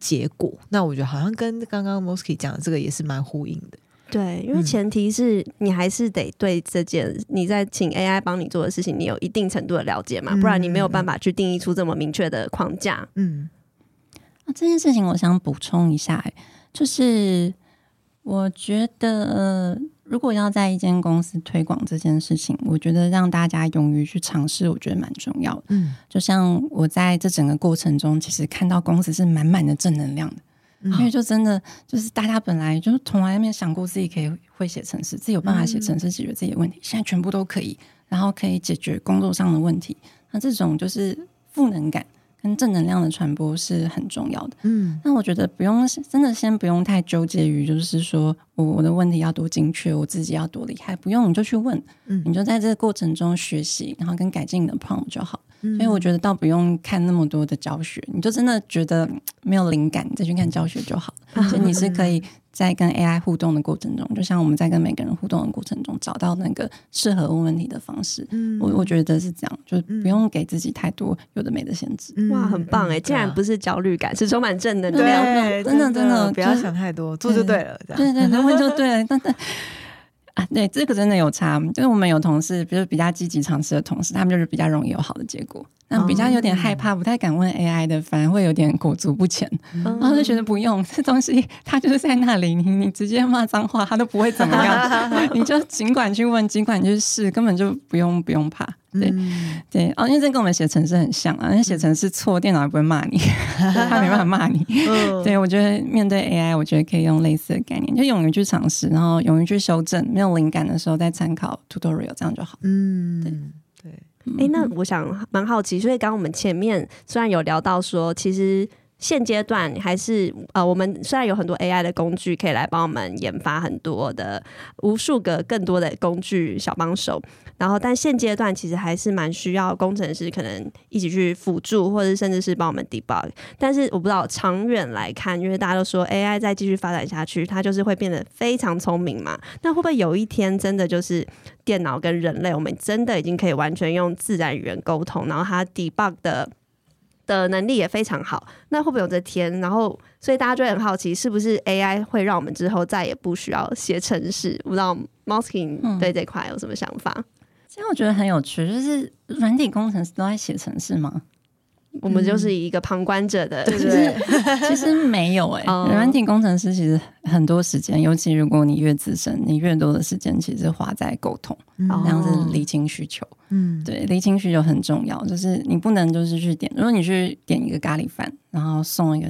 Speaker 1: 結果。那我覺得好像跟剛剛 Mosky 講的這個也是蠻呼應的。
Speaker 2: 對，因為前提是、嗯、你還是得對這件你在請 AI 幫你做的事情，你有一定程度的了解嘛，嗯嗯，不然你沒有辦法去定義出這麼明確的框架。嗯。
Speaker 3: 那這件事情我想補充一下，就是我覺得，呃，如果要在一間公司推廣這件事情，我覺得讓大家勇於去嘗試，我覺得蠻重要的。嗯，就像我在這整個過程中，其實看到公司是滿滿的正能量的，嗯，因為就真的就是大家本來就是從來沒想過自己可以會寫程式，自己有辦法寫程式解決自己的問題，嗯，現在全部都可以，然後可以解決工作上的問題，那這種就是賦能感。跟正能量的傳播是很重要的。嗯，那我覺得不用，真的先不用太糾結於，就是說我我的問題要多精確，我自己要多厲害，不用你就去問，嗯，你就在這個過程中學習，然後跟改進你的 prompt 就好，嗯。所以我覺得倒不用看那麼多的教學，你就真的覺得沒有靈感，你再去看教學就好。所以 你是可以。在跟 AI 互動的過程中，就像我們在跟每個人互動的過程中，找到那個適合問問題的方式。嗯，我我覺得是這樣，就不用給自己太多有的沒的限制，嗯。哇，很棒哎、
Speaker 2: 欸！竟然不是焦慮感、嗯，是啊，是充滿正能量。對，
Speaker 3: 真的真的，真的，不要想
Speaker 1: 太多，做就，就、嗯、 就對了，對對對，做就對
Speaker 3: 了。但是啊，對這個真的有差，因為我們有同事，比如比較積極嘗試的同事，他們就是比較容易有好的結果。那比較有點害怕，不太敢問 AI 的，反而會有點裹足不前，然後就覺得不用這東西，它就是在那裡，你，你直接罵髒話，它都不會怎麼樣， 你就儘管去問，儘管去試，根本就不用不用怕，對、嗯、對，哦，因為這跟我們寫程式很像啊，但是寫程式錯，電腦也不會罵你， 它沒辦法罵你，嗯、對我覺得面對 AI，我覺得可以用類似的概念，就勇於去嘗試，然後勇於去修正，沒有靈感的時候再參考 tutorial，這樣就好，嗯。對。
Speaker 2: 哎、欸，那我想蠻好奇，所以剛剛我們前面雖然有聊到說，其實。現階段還是呃，我們雖然有很多 AI 的工具可以來幫我們研發很多的無數個更多的工具小幫手，然後但現階段其實還是蠻需要工程師可能一起去輔助，或者甚至是幫我們 debug。但是我不知道長遠來看，因為大家都說 AI 再繼續發展下去，它就是會變得非常聰明嘛。那會不會有一天真的就是電腦跟人類，我們真的已經可以完全用自然語言溝通，然後它 debug 的？的能力也非常好，那會不會有這天？然後，所以大家就很好奇，是不是 AI 會讓我們之後再也不需要寫程式？不知道 Mosky 對這塊有什麼想法？嗯，
Speaker 3: 其實我覺得很有趣，就是軟體工程師都在寫程式嗎？
Speaker 2: 我們就是一個旁觀
Speaker 3: 者的，其、嗯、實 其實沒有哎、欸，軟、oh. 體工程師其實很多時間，尤其如果你越資深，你越多的時間其實花在溝通，這樣子釐清需求。嗯、oh.，對，釐清需求很重要，就是你不能就是去點，如果你去點一個咖喱飯，然後送一個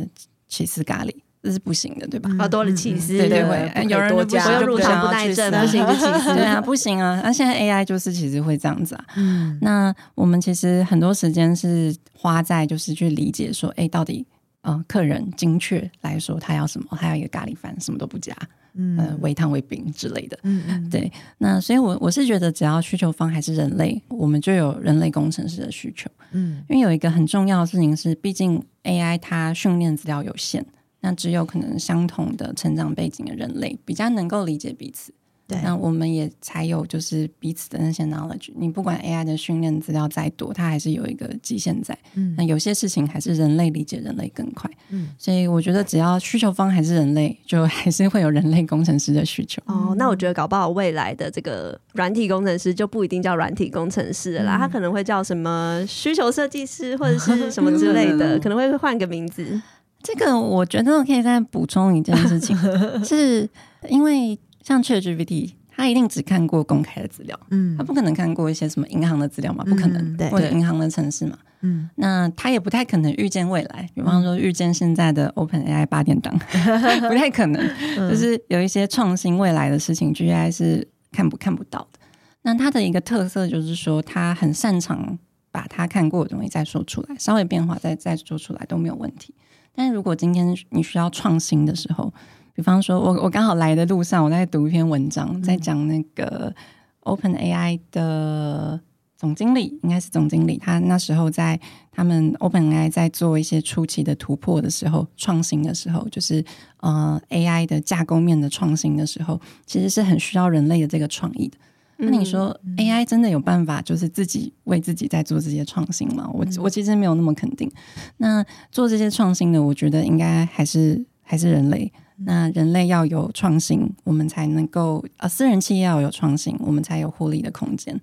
Speaker 3: 起司咖喱。這是不行的，對吧？哦、多了起司，對對對，多欸、有人不，行入不，不要入場、啊、不帶證，甚至起司，對啊，不行啊！那、啊、現在 AI 就是其實會這樣子啊。嗯，那我們其實很多時間是花在就是去理解說，哎、欸，到底嗯、呃，客人精確來說他要什麼？他要一個咖喱飯，什麼都不加，嗯，呃、微糖、微冰之類的，嗯嗯，對。那所以我我是覺得，只要需求方還是人類，我們就有人類工程師的需求，嗯，因為有一個很重要的事情是，畢竟 AI 它訓練資料有限。那只有可能相同的成長背景的人類比較能夠理解彼此，對，那我們也才有就是彼此的那些 knowledge。你不管 AI 的訓練資料再多，它還是有一個極限在。嗯，那有些事情還是人類理解人類更快。嗯，所以我覺得只要需求方還是人類，就還是會有人類工程師的需求。哦，
Speaker 2: 那我覺得搞不好未來的這個軟體工程師就不一定叫軟體工程師了啦，嗯，他可能會叫什麼需求設計師或者是什麼之類的， 真的了可能會換個名字。
Speaker 3: 這個我覺得我可以再補充一件事情， 是因為像 ChatGPT，它一定只看過公開的資料，嗯，它不可能看過一些什麼銀行的資料嘛，不可能，嗯、或者銀行的程式嘛，嗯，那他也不太可能預見未來，嗯、比方說預見現在的 OpenAI 八點檔， 不太可能，嗯，就是有一些創新未來的事情 GAI 是看不看不到的。那它的一個特色就是說，它很擅長把它看過的東西再說出來，稍微變化再再說出來都沒有問題。但如果今天你需要創新的時候，比方說我，我我剛好來的路上，我在讀一篇文章，在講那個 OpenAI 的總經理，應該是總經理，他那時候在他們 OpenAI 在做一些初期的突破的時候，創新的時候，就是呃 AI 的架構面的創新的時候，其實是很需要人類的這個創意的。那你說 AI 真的有辦法就是自己為自己在做這些創新嗎？嗯、我我其實沒有那麼肯定。那做這些創新的，我覺得應該還是、嗯、還是人類。那人類要有創新，我們才能夠呃，私人企業要有創新，我們才有獲利的空間。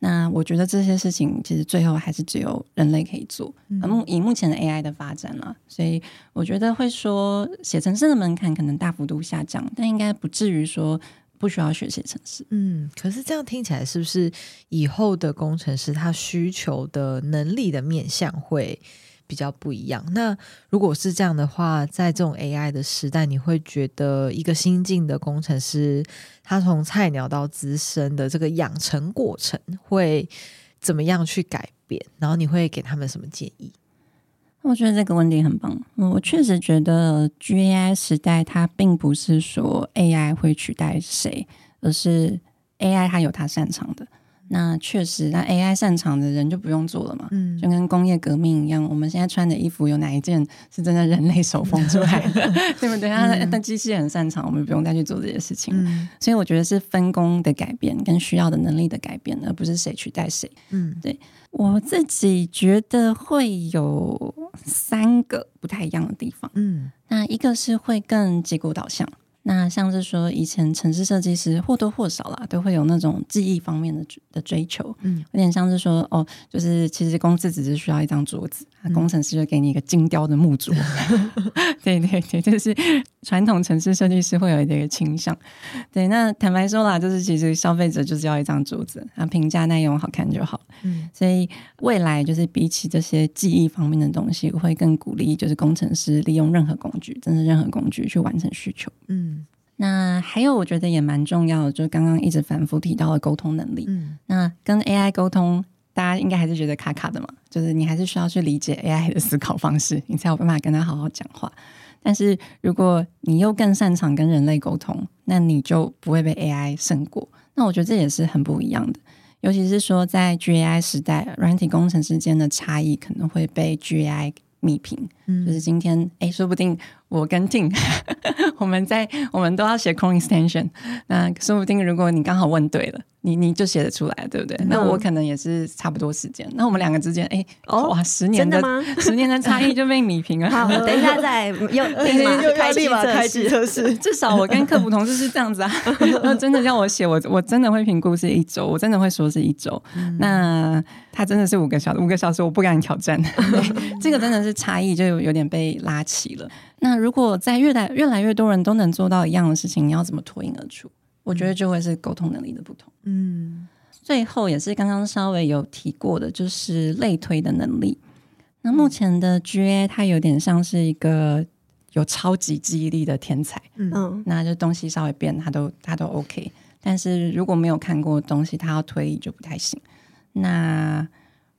Speaker 3: 那我覺得這些事情其實最後還是只有人類可以做。而、嗯、目以目前的 AI 的發展嘛，所以我覺得會說寫程式的門檻可能大幅度下降，但應該不至於說。不需要學習程式，嗯，
Speaker 1: 可是這樣聽起來是不是以後的工程師他需求的能力的面向會比較不一樣？那如果是這樣的話，在這種 AI 的時代，你會覺得一個新進的工程師他從菜鳥到資深的這個養成過程會怎麼樣去改變？然後你會給他們什麼建議？
Speaker 3: 我覺得這個問題很棒。我確實覺得 GAI 時代，它並不是說 AI 會取代誰，而是 AI 它有它擅長的。那確實，那 AI 擅長的人就不用做了嘛。嗯，就跟工業革命一樣，我們現在穿的衣服有哪一件是真的人類手縫出來的， 對不對？它、嗯、的機器很擅長，我們不用再去做這些事情了。嗯、所以我覺得是分工的改變跟需要的能力的改變，而不是誰取代誰。嗯、對我自己覺得會有三個不太一樣的地方。嗯，那一個是會更結果導向。那像是說，以前程式設計師或多或少啦，都會有那種技藝方面的的追求，嗯，有點像是說，哦，就是其實公司只是需要一張桌子、嗯，工程師就給你一個精雕的木桌， 對對對，就是。傳統程式設計師會有一點傾向，對，那坦白說啦，就是其實消費者就是要一張桌子，啊，平價、耐用、好看就好。嗯，所以未來就是比起這些技藝方面的東西，我會更鼓勵就是工程師利用任何工具，真的任何工具去完成需求。嗯，那還有我覺得也蠻重要的，就是剛剛一直反覆提到的溝通能力。嗯，那跟 AI 溝通，大家應該還是覺得卡卡的嘛，就是你還是需要去理解 AI 的思考方式，你才有辦法跟他好好講話。但是如果你又更擅長跟人類溝通，那你就不會被 AI 勝過。那我覺得這也是很不一樣的，尤其是說在 GAI 時代，軟體工程之間的差異可能會被 GAI 弭平。就是今天，哎、欸，說不定我跟 Tim 我們在我們都要寫 Chrome Extension。那說不定如果你剛好問對了，你你就寫得出來對不對？那我，我可能也是差不多時間。那我們兩個之間，哎、欸，哇，十年的，真的十年的差異就被弭平了。 好，等一下再 又又開立馬開始測試。 至少我跟客服同事是這樣子啊。那真的讓我寫，我我真的會評估是一周，我真的會說是一周、嗯。那他真的是五個小時，五個小時我不敢挑戰。 這個真的是差異，就是。就有點被拉齊了。那如果在越來越來越多人都能做到一樣的事情，你要怎麼脫穎而出？嗯，我覺得就會是溝通能力的不同。嗯，最後也是剛剛稍微有提過的，就是類推的能力。那目前的 GA，它有點像是一個有超級記憶力的天才。嗯，那就東西稍微變，他都他都 OK。但是如果沒有看過東西，他要推就不太行。那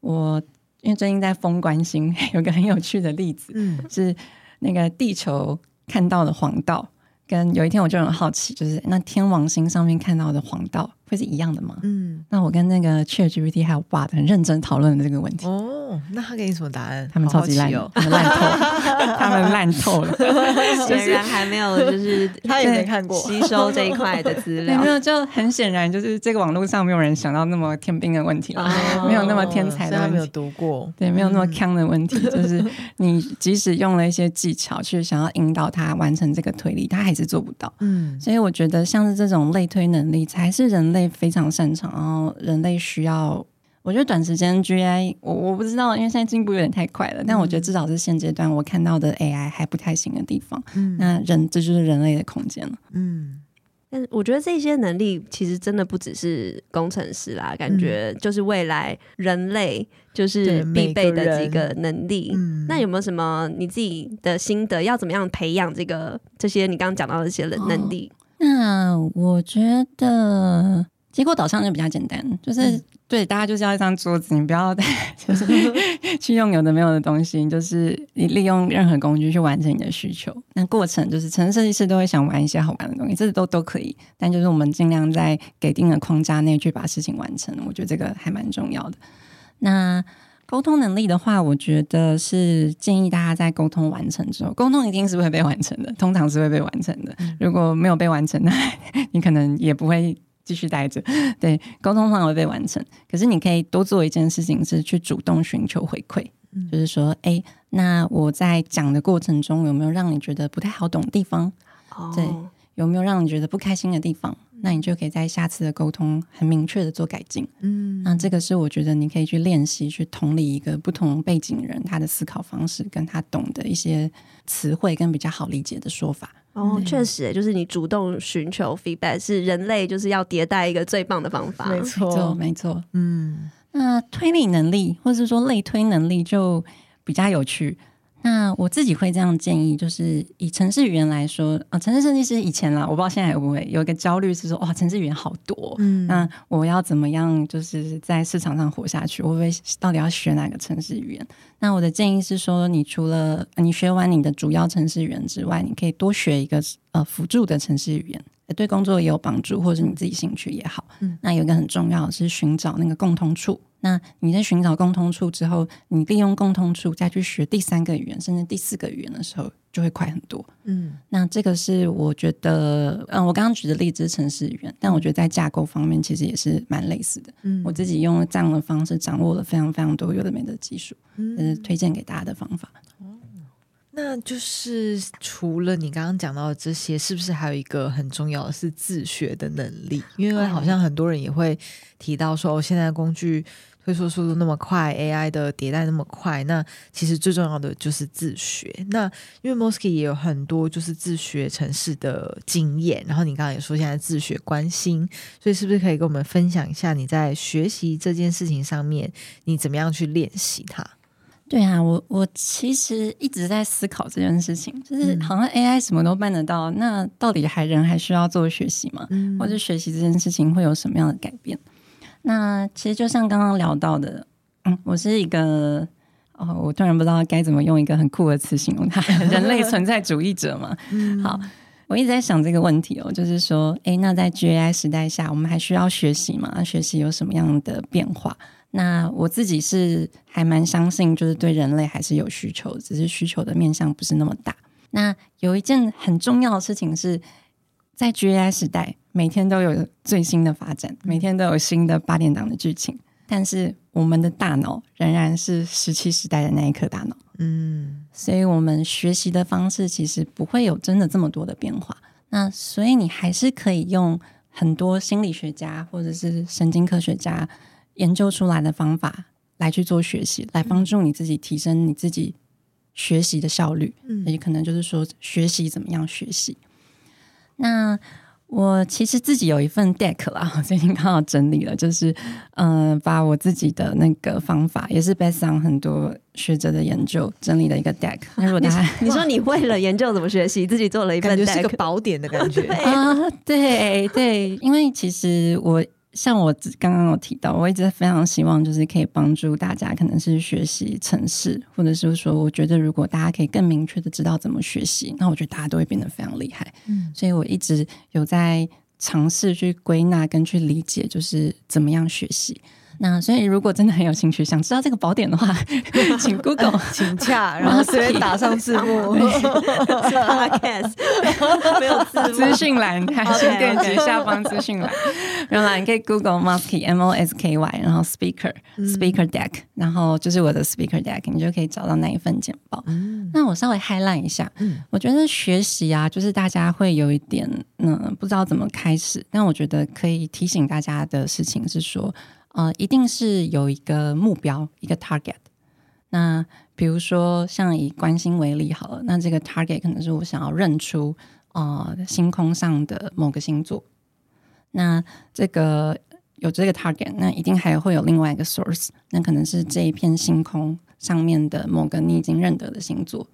Speaker 3: 我。因為最近在瘋觀星，有個很有趣的例子，嗯，是那個地球看到的黃道，跟有一天我就很好奇，就是那天王星上面看到的黃道。會是一樣的嗎？嗯，那我跟那個 Chat GPT 還有 Bard 很認真討論的這個問題。哦，
Speaker 1: 那他給你什麼答案？他們超級爛，爛透，哦，他們爛透了。雖 然， 就是，還沒有，就是 他也沒看過吸收這一塊的資料。 沒有，
Speaker 3: 就很顯然，就是這個網絡上沒有人想到那麼天兵的問題，哦， 沒有那麼天才的問題，哦，他沒有讀過，對，沒有那麼強的問題，嗯。就是你即使用了一些技巧去想要引導他完成這個推理，他還是做不到。嗯，所以我覺得像是這種類推能力，才是人。非常擅長，然後人類需要，我覺得短時間 G I 我我不知道，因為現在進步有點太快了，但我覺得至少是現階段我看到的 A I 還不太行的地方。嗯，那人這就是人類的空間了。嗯，
Speaker 2: 但是我覺得這些能力其實真的不只是工程師啦，嗯、感覺就是未來人類就是必備的幾個能力。嗯、那有沒有什麼你自己的心得？要怎麼樣培養這個這些你剛剛講到的一些能力？哦
Speaker 3: 那我覺得結果導向就比較簡單，就是、嗯、對大家就是要一張桌子，你不要 就是去用有的沒有的東西，就是你利用任何工具去完成你的需求。那過程就是，程式設計師都會想玩一些好玩的東西，這都都可以。但就是我們盡量在給定的框架內去把事情完成，我覺得這個還蠻重要的。那溝通能力的話，我覺得是建議大家在溝通完成之後，溝通一定是會被完成的，通常是會被完成的。如果沒有被完成的話，你可能也不會繼續待着。對，溝通上會被完成，可是你可以多做一件事情，是去主動尋求回饋、嗯，就是說，哎、欸，那我在講的過程中，有沒有讓你覺得不太好懂的地方、哦？對，有沒有讓你覺得不開心的地方？那你就可以在下次的溝通很明確的做改進，嗯，那這個是我覺得你可以去練習，去同理一個不同背景人他的思考方式跟他懂的一些詞彙跟比較好理解的說法。
Speaker 2: 哦，確實，就是你主動尋求 feedback 是人類就是要迭代一個最棒的方法，沒錯，沒錯，
Speaker 3: 嗯。那、呃、推理能力或是說類推能力就比較有趣。那我自己會這樣建議，就是以程式語言來說啊，哦，程式設計師以前啦，我不知道現在會不會有一個焦慮，是說哇，哦，程式語言好多，嗯，那我要怎麼樣，就是在市場上活下去？我會到底要學哪個程式語言？那我的建議是說，你除了你學完你的主要程式語言之外，你可以多學一個呃輔助的程式語言。對工作也有幫助，或者你自己興趣也好，嗯。那有一個很重要的是尋找那個共通處。那你在尋找共通處之後，你利用共通處再去學第三個語言，甚至第四個語言的時候，就會快很多。嗯，那這個是我覺得，嗯、呃，我剛剛舉的例子是城市語言，但我覺得在架構方面其實也是蠻類似的。嗯，我自己用這樣的方式掌握了非常非常多有的沒的技術，嗯，這是推薦給大家的方法。
Speaker 1: 那就是除了你剛剛講到的這些，是不是還有一個很重要的是自學的能力？因為好像很多人也會提到說，哦，現在工具推出速度那麼快，AI 的迭代那麼快，那其實最重要的就是自學。那因為 Mosky 也有很多就是自學程式的經驗，然後你剛剛也說現在自學關心，所以是不是可以跟我們分享一下你在學習這件事情上面，你怎麼樣去練習它？
Speaker 3: 對啊，我我其實一直在思考這件事情，就是好像 AI 什麼都辦得到，嗯、那到底還人還需要做學習嗎？嗯、或者學習這件事情會有什麼樣的改變？那其實就像剛剛聊到的，嗯、我是一個哦，我突然不知道該怎麼用一個很酷的詞形容它， 人類存在主義者嘛、嗯。好，我一直在想這個問題哦，就是說，哎，那在 GAI 時代下，我們還需要學習嗎？學習有什麼樣的變化？那我自己是還蠻相信，就是對人類還是有需求，只是需求的面向不是那麼大。那有一件很重要的事情是，在 GAI 時代，每天都有最新的發展，每天都有新的八點檔的劇情，但是我們的大腦仍然是石器時代的那一顆大腦。嗯，所以我們學習的方式其實不會有真的這麼多的變化。那所以你還是可以用很多心理學家或者是神經科學家。研究出來的方法來去做學習，來幫助你自己提升你自己學習的效率，也、嗯、可能就是說學習怎麼樣學習。那我其實自己有一份 deck 啦，我最近剛好整理了，就是嗯、呃，把我自己的那個方法，也是 based on 很多學者的研究整理了一個 deck、啊。
Speaker 2: 你說你為了研究怎麼學習， 自己做
Speaker 1: 了一份就是一個寶典的感覺
Speaker 3: 啊！對啊對、對，因為其實我。像我剛剛有提到，我一直非常希望就是可以幫助大家，可能是學習程式，或者是說，我覺得如果大家可以更明確的知道怎麼學習，那我覺得大家都會變得非常厲害。嗯，所以我一直有在嘗試去歸納跟去理解，就是怎麼樣學習。那所以，如果真的很有興趣，想知道這個寶典的話，
Speaker 1: 請 Google、呃、請假， 然後隨便打上字幕 對 ，Podcast 沒
Speaker 3: 有字幕， 資訊欄，點擊、okay, okay, 下方資訊欄。原來你可以 Google Mosky M O S K Y，然後 Speaker、嗯、Speaker Deck，然後就是我的 Speaker Deck，你就可以找到那一份簡報。嗯、那我稍微 high 浪一下、嗯，我覺得學習啊，就是大家會有一點嗯、呃、不知道怎麼開始，但我覺得可以提醒大家的事情是說，呃，一定是有一個目標，一個 target。那比如說，像以觀星為例好了，那這個 target 可能是我想要認出啊、呃，星空上的某個星座。那這個有這個 target，那一定還會有另外一個 source，那可能是這一片星空上面的某個你已經認得的星座。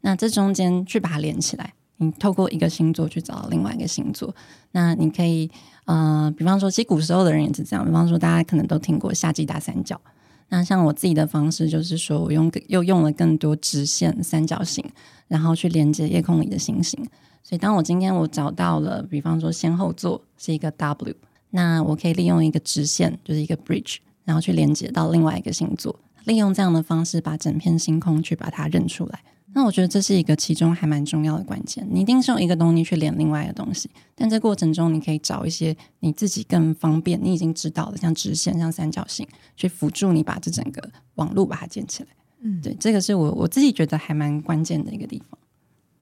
Speaker 3: 那這中間去把它連起來。你透過一個星座去找到另外一個星座，那你可以呃，比方說，其實古時候的人也是這樣。比方說，大家可能都聽過夏季大三角。那像我自己的方式，就是說我用又用了更多直線、三角形，然後去連接夜空裡的星星。所以，當我今天我找到了，比方說，仙後座是一個 W，那我可以利用一個直線，就是一個 bridge，然後去連接到另外一個星座，利用這樣的方式把整片星空去把它認出來。那我覺得這是一個其中還蠻重要的關鍵，你一定是用一個東西去連另外一個東西，但在過程中你可以找一些你自己更方便、你已經知道的，像直線、像三角形，去輔助你把這整個網路把它建起來。嗯，對，這個是我我自己覺得還蠻關鍵的一個地方。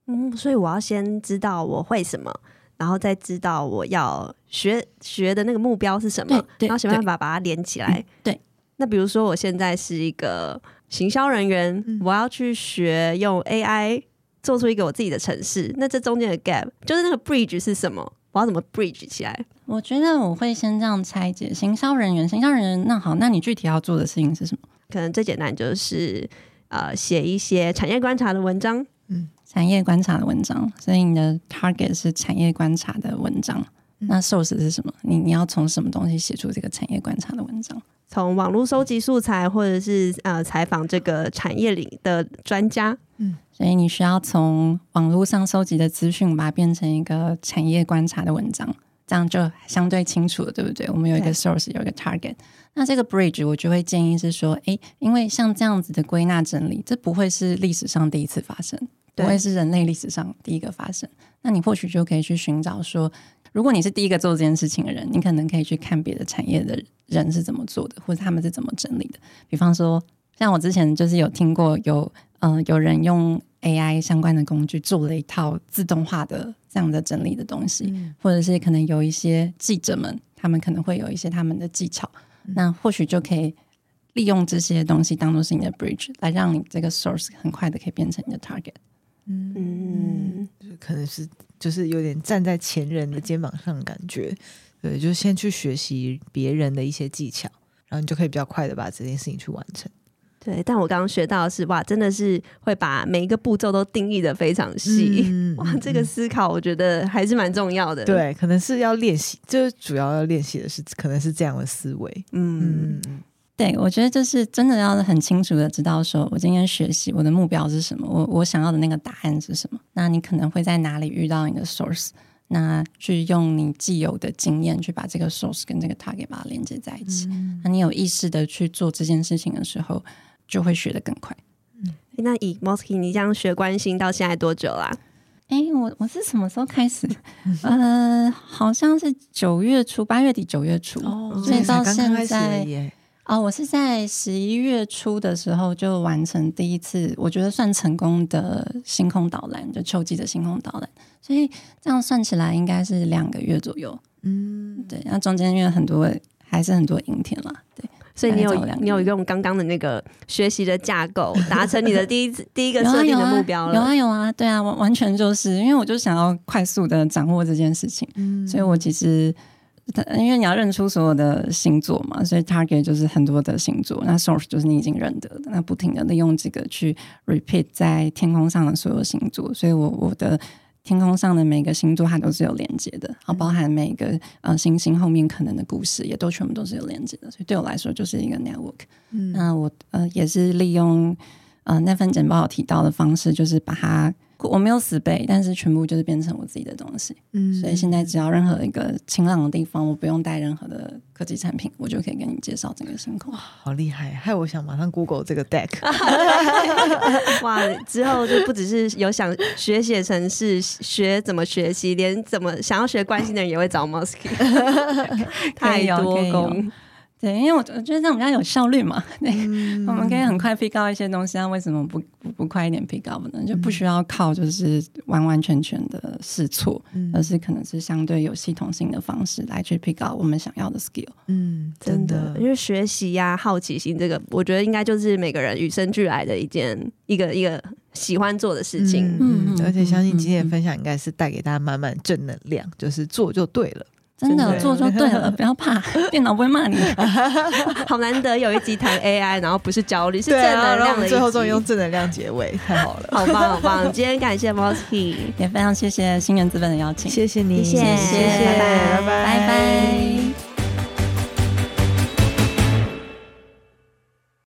Speaker 2: 嗯，所以我要先知道我會什麼，然後再知道我要學學的那個目標是什麼，然後想辦法把它連起來。嗯，對，那比如說我現在是一個。行銷人員、嗯，我要去學用 AI 做出一個我自己的程式，那這中間的 gap 就是那個 bridge 是什麼？我要怎麼 bridge 起來？
Speaker 3: 我覺得我會先這樣拆解：行銷人員，行銷人員，那好，那你具體要做的事情是什麼？可能最簡單就是呃，寫一些產業觀察的文章。嗯，產業觀察的文章，所以你的 target 是產業觀察的文章，嗯、那 source 是什麼？你你要從什麼東西寫出這個產業觀察的文章？
Speaker 2: 從網絡收集素材，或者是呃採訪這個
Speaker 3: 產業裡的專家，嗯，所以你需要從網絡上收集的資訊，把它變成一個產業觀察的文章，這樣就相對清楚了，對不對？我們有一個 source，有一個 target，Okay. 那這個 bridge 我就會建議是說，誒、欸，因為像這樣子的歸納整理，這不會是歷史上第一次發生，對。不會是人類歷史上第一個發生，那你或許就可以去尋找說，如果你是第一個做這件事情的人，你可能可以去看別的產業的人。人是怎麼做的，或者他們是怎麼整理的？比方說，像我之前就是有聽過有嗯、呃、有人用 AI 相關的工具做了一套自動化的這樣的整理的東西，嗯，或者是可能有一些記者們，他們可能會有一些他們的技巧，嗯、那或許就可以利用這些東西當做是你的 bridge，
Speaker 1: 來讓你這個 source 很快的可以變成你的 target。嗯，
Speaker 4: 嗯
Speaker 1: 可能是就是有點站在前人的肩膀上的感覺。對，就是先去學習別人的一些技巧，然後你就可以比較快的把這件事情去完成。對，但我剛剛
Speaker 2: 學到的是，哇，真的是會把每一個步驟都定義的非常細、嗯。哇，這個思考我覺得還是蠻重要的。嗯、對，對，可
Speaker 1: 能是要練習，就是主要要練習的是可能是這樣的思維嗯。
Speaker 3: 嗯，對，我覺得就是真的要很清楚的知道，說我今天學習我的目標是什麼，我我想要的那個答案是什麼。那你可能會在哪裡遇到你的 source？那去用你既有的經驗去把這個 source 跟這個 target 把它連接在一起、嗯。那你有意識的去做這件事情的時候，就會學得更快。
Speaker 2: 嗯欸、那以 Mosky 你這樣學關心到現在多久啦、
Speaker 3: 啊？誒、欸，我我是什麼時候開始？ 呃，好像是九月初，八月底九月初、
Speaker 4: 哦，所以到現在
Speaker 3: 哦，我是在十一月初的時候就完成第一次，我覺得算成功的星空導覽，就秋季的星空導覽。所以這樣算起來應該是兩個月左右。嗯，對，那中間因為很多還是很多陰天啦，對。
Speaker 2: 所以你有個，你有用剛剛的那個學習的架
Speaker 3: 構達成你的第一 第一個設定的目標了？有啊有啊，有啊有啊，對啊，完完全就是因為我就想要快速的掌握這件事情，嗯，所以我其實。因為你要認出所有的星座嘛，所以 target 就是很多的星座，那 source 就是你已經認得的，那不停的利用這個去 repeat 在天空上的所有星座，所以我我的天空上的每個星座它都是有連接的，然後包含每個呃星星後面可能的故事，也都全部都是有連接的，所以對我來說就是一個 network。嗯，那我呃也是利用呃那份簡報提到的方式，就是把它。我沒有死背，但是全部就是變成我自己的東西。嗯，所以現在只要任何一個晴朗的地方，我不用帶任何的科技產品，我就可以給你介紹整個星空。哇，
Speaker 1: 好厲害！害
Speaker 3: 我想馬上 Google 這個 Deck。
Speaker 2: 哇，之後就不只是有想學寫程式、學怎麼學習，連怎麼想要學關心的人也會找 Mosky。
Speaker 3: 太多工。對，因為我覺得這樣比較有效率嘛。對，嗯、我們可以很快 pick up 一些東西，那為什麼不不不快一點 pick up 呢？就不需要靠就是完完全全的試錯、嗯，而是可能是相對有系統性的方式來去 pick up 我們想要的 skill。嗯，真的，因為、
Speaker 2: 就是、學習呀、啊、好奇心這個，我覺得應該就是每個人與生俱
Speaker 1: 來的一件一個一個喜歡做的事情。嗯，而且相信今天的分享應該是帶給大家滿滿正能量，嗯嗯、就是做就對了。真的，真的做就對了，不
Speaker 3: 要怕，
Speaker 2: 電腦不會罵你。好難得有一集談 AI，然後不是焦慮， 是正能量的一集，對啊，然後我們最後終於用
Speaker 3: 正能量結尾，太好了， 好棒好棒！今天感謝 Mosky 也非常謝謝心元資本的邀請，謝謝你，謝謝，拜拜拜拜。拜
Speaker 4: 拜拜拜。